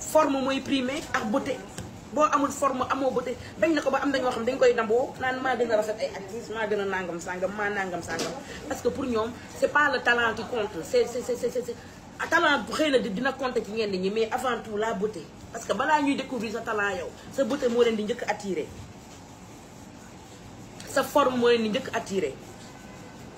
forme mooy primé ak beauté boo amul forme amoo beauté dañ na ko ba am dañoo xam dañ koy namboo naan maa gën a rafet ay actrice maa gën a nangam sangam maa nangam sangam parce que pour ñoom c'est pas le talent qui compte c'est c'est c'est c'est ah, talent bu xëy na dina compter ci ñenn ñi mais avant tout la beauté parce que balaa ñuy découvrir sa talent yow sa beauté moo leen di njëkk attiré sa form moo leen di njëkk attiré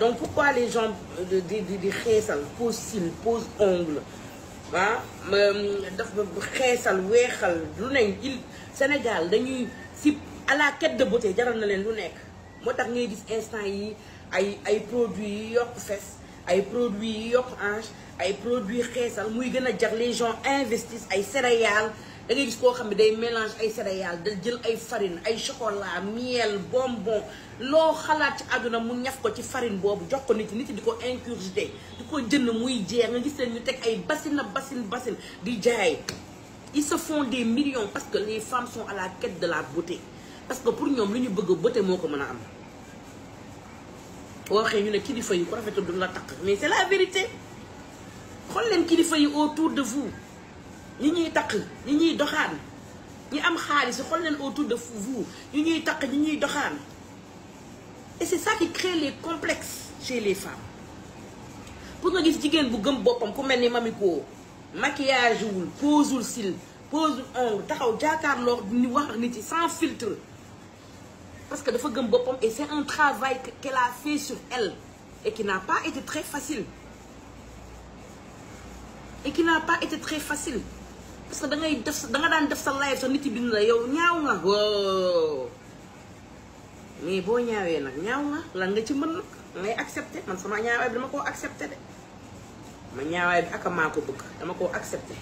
donc pourquoi les gens euh, de xeesal pose s'il pose bah ah daf euh, xeesal weexal lu il Sénégal dañuy si à la quête de beauté jaral na leen lu nekk moo tax dit instant yi ay ay produits yi yokk fes ay produits yi yokk hanche ay produits xeesal muy gën a jar les gens investissent ay céréales da ngay gis koo day mélange ay céréales da jël ay farine ay chocolat miel bonbon lo xalat ci aduna mu ñaf ko ci farine bobu jox ko nit nit di ko incurgité di ko jënd muy jeex nga gis leen ñu tek ay bassin. basin basin di jaay ils se font des millions parce que les femmes sont à la quête de la beauté parce que pour ñom lu ñu bëgg beauté moko mëna am waxee ñu né kilifa yi ko rafetul du la takk mais c'est la vérité xol leen kilifa yi autour de vous ni ñi ñuy ni ñi ñuy doxaan ñi am xaalis xool leen autour de vous ñi ñuy takk ñi ñuy doxaan et c'est ça qui crée les complexes chez les femmes pour nga gis jigéen bu gëm boppam ku mel ni mami ko maquillage wul posul pose posul ongle euh, taxaw jàkkaarloo ni wax nit yi sans filtre parce que dafa gëm boppam et c'est un travail qu'elle a fait sur elle et qui n'a pas été très facile et qui n'a pas été très facile parce que da ngay def sa da daan def sa live sax nit yi bind na yow ñaaw nga waaw mais boo ñaawee nag ñaaw nga lan nga ci mën nag ngay accepté man sama ñaawaay bi dama koo accepté de ma ñaawaay bi ak ko bëgg dama koo accepté